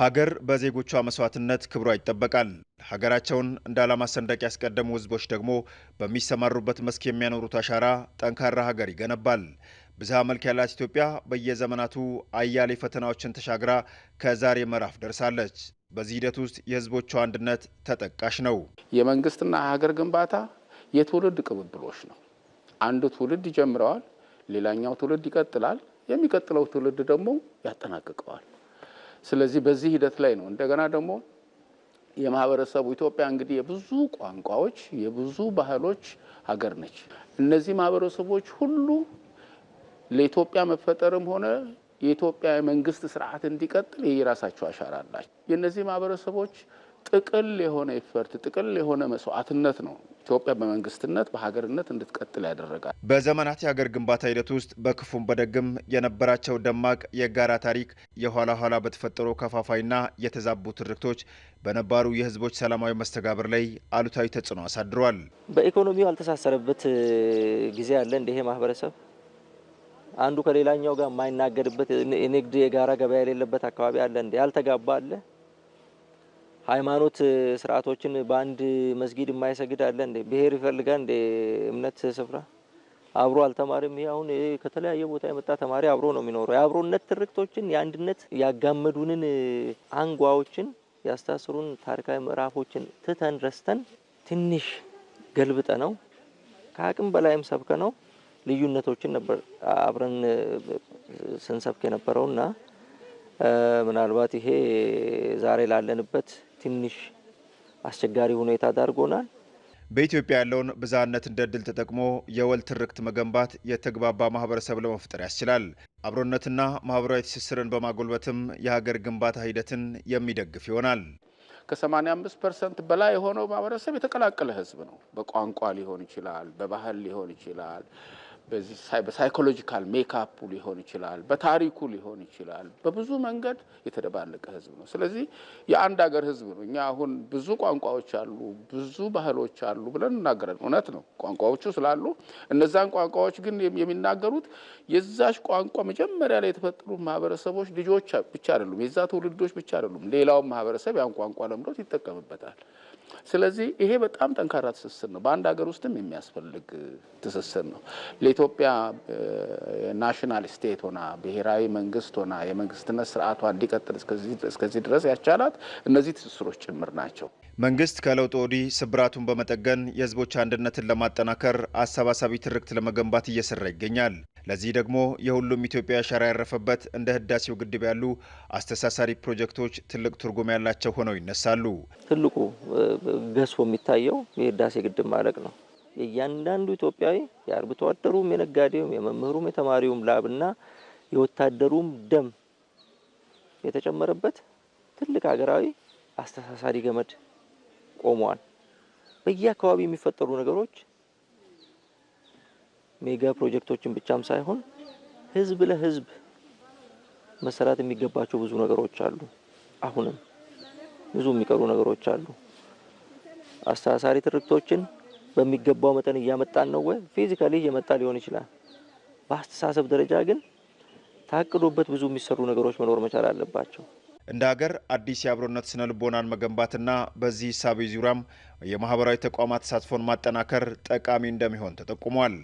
ሀገር በዜጎቿ መስዋዕትነት ክብሯ ይጠበቃል። ሀገራቸውን እንደ ዓላማ ሰንደቅ ያስቀደሙ ህዝቦች ደግሞ በሚሰማሩበት መስክ የሚያኖሩት አሻራ ጠንካራ ሀገር ይገነባል። ብዝሃ መልክ ያላት ኢትዮጵያ በየዘመናቱ አያሌ ፈተናዎችን ተሻግራ ከዛሬ ምዕራፍ ደርሳለች። በዚህ ሂደት ውስጥ የህዝቦቿ አንድነት ተጠቃሽ ነው። የመንግስትና ሀገር ግንባታ የትውልድ ቅብብሎች ነው። አንዱ ትውልድ ይጀምረዋል፣ ሌላኛው ትውልድ ይቀጥላል፣ የሚቀጥለው ትውልድ ደግሞ ያጠናቅቀዋል። ስለዚህ በዚህ ሂደት ላይ ነው። እንደገና ደግሞ የማህበረሰቡ ኢትዮጵያ እንግዲህ የብዙ ቋንቋዎች የብዙ ባህሎች ሀገር ነች። እነዚህ ማህበረሰቦች ሁሉ ለኢትዮጵያ መፈጠርም ሆነ የኢትዮጵያ የመንግስት ስርዓት እንዲቀጥል የየራሳቸው አሻራ አላቸው። የእነዚህ ማህበረሰቦች ጥቅል የሆነ ይፈርት ጥቅል የሆነ መስዋዕትነት ነው ኢትዮጵያ በመንግስትነት በሀገርነት እንድትቀጥል ያደረጋል። በዘመናት የሀገር ግንባታ ሂደት ውስጥ በክፉም በደግም የነበራቸው ደማቅ የጋራ ታሪክ የኋላ ኋላ በተፈጠሩ ከፋፋይና የተዛቡ ትርክቶች በነባሩ የህዝቦች ሰላማዊ መስተጋብር ላይ አሉታዊ ተጽዕኖ አሳድሯል። በኢኮኖሚው ያልተሳሰረበት ጊዜ አለ። እንደ ይሄ ማህበረሰብ አንዱ ከሌላኛው ጋር የማይናገድበት የንግድ የጋራ ገበያ የሌለበት አካባቢ አለ። እንደ ያልተጋባ አለ ሃይማኖት ስርዓቶችን በአንድ መስጊድ የማይሰግድ አለ እንዴ? ብሄር ይፈልጋል እንደ እምነት ስፍራ አብሮ አልተማርም። ይሄ አሁን ከተለያየ ቦታ የመጣ ተማሪ አብሮ ነው የሚኖረው። የአብሮነት ትርክቶችን የአንድነት ያጋመዱንን አንጓዎችን ያስታስሩን ታሪካዊ ምዕራፎችን ትተን ረስተን ትንሽ ገልብጠ ነው ከአቅም በላይም ሰብከ ነው ልዩነቶችን ነበር አብረን ስንሰብክ የነበረውና ምናልባት ይሄ ዛሬ ላለንበት ትንሽ አስቸጋሪ ሁኔታ ዳርጎናል። በኢትዮጵያ ያለውን ብዝሃነት እንደ ድል ተጠቅሞ የወል ትርክት መገንባት የተግባባ ማህበረሰብ ለመፍጠር ያስችላል። አብሮነትና ማህበራዊ ትስስርን በማጎልበትም የሀገር ግንባታ ሂደትን የሚደግፍ ይሆናል። ከ85 ፐርሰንት በላይ የሆነው ማህበረሰብ የተቀላቀለ ህዝብ ነው። በቋንቋ ሊሆን ይችላል፣ በባህል ሊሆን ይችላል በዚህ በሳይኮሎጂካል ሜካፑ ሊሆን ይችላል፣ በታሪኩ ሊሆን ይችላል። በብዙ መንገድ የተደባለቀ ህዝብ ነው። ስለዚህ የአንድ ሀገር ህዝብ ነው። እኛ አሁን ብዙ ቋንቋዎች አሉ፣ ብዙ ባህሎች አሉ ብለን እናገረን። እውነት ነው፣ ቋንቋዎቹ ስላሉ እነዛን ቋንቋዎች ግን የሚናገሩት የዛች ቋንቋ መጀመሪያ ላይ የተፈጠሩ ማህበረሰቦች ልጆች ብቻ አይደሉም፣ የዛ ትውልዶች ብቻ አይደሉም። ሌላውን ማህበረሰብ ያን ቋንቋ ለምዶት ይጠቀምበታል። ስለዚህ ይሄ በጣም ጠንካራ ትስስር ነው። በአንድ ሀገር ውስጥም የሚያስፈልግ ትስስር ነው። ለኢትዮጵያ ናሽናል ስቴት ሆና ብሔራዊ መንግስት ሆና የመንግስትነት ስርዓቷ እንዲቀጥል እስከዚህ ድረስ ያቻላት እነዚህ ትስስሮች ጭምር ናቸው። መንግስት ከለውጥ ወዲህ ስብራቱን በመጠገን የህዝቦች አንድነትን ለማጠናከር አሰባሳቢ ትርክት ለመገንባት እየሰራ ይገኛል። ለዚህ ደግሞ የሁሉም ኢትዮጵያ አሻራ ያረፈበት እንደ ህዳሴው ግድብ ያሉ አስተሳሳሪ ፕሮጀክቶች ትልቅ ትርጉም ያላቸው ሆነው ይነሳሉ። ትልቁ ገዝፎ የሚታየው የህዳሴ ግድብ ማለቅ ነው። የእያንዳንዱ ኢትዮጵያዊ የአርብቶ አደሩም፣ የነጋዴውም፣ የመምህሩም፣ የተማሪውም ላብና የወታደሩም ደም የተጨመረበት ትልቅ ሀገራዊ አስተሳሳሪ ገመድ ቆመዋል። በየአካባቢ የሚፈጠሩ ነገሮች ሜጋ ፕሮጀክቶችን ብቻም ሳይሆን ህዝብ ለህዝብ መሰራት የሚገባቸው ብዙ ነገሮች አሉ። አሁንም ብዙ የሚቀሩ ነገሮች አሉ። አስተሳሳሪ ትርክቶችን በሚገባው መጠን እያመጣን ነው ወይ? ፊዚካሊ እየመጣ ሊሆን ይችላል። በአስተሳሰብ ደረጃ ግን ታቅዶበት ብዙ የሚሰሩ ነገሮች መኖር መቻል አለባቸው። እንደ ሀገር አዲስ የአብሮነት ስነ ልቦናን መገንባትና በዚህ ሳቢ ዙሪያም የማህበራዊ ተቋማት ተሳትፎን ማጠናከር ጠቃሚ እንደሚሆን ተጠቁሟል።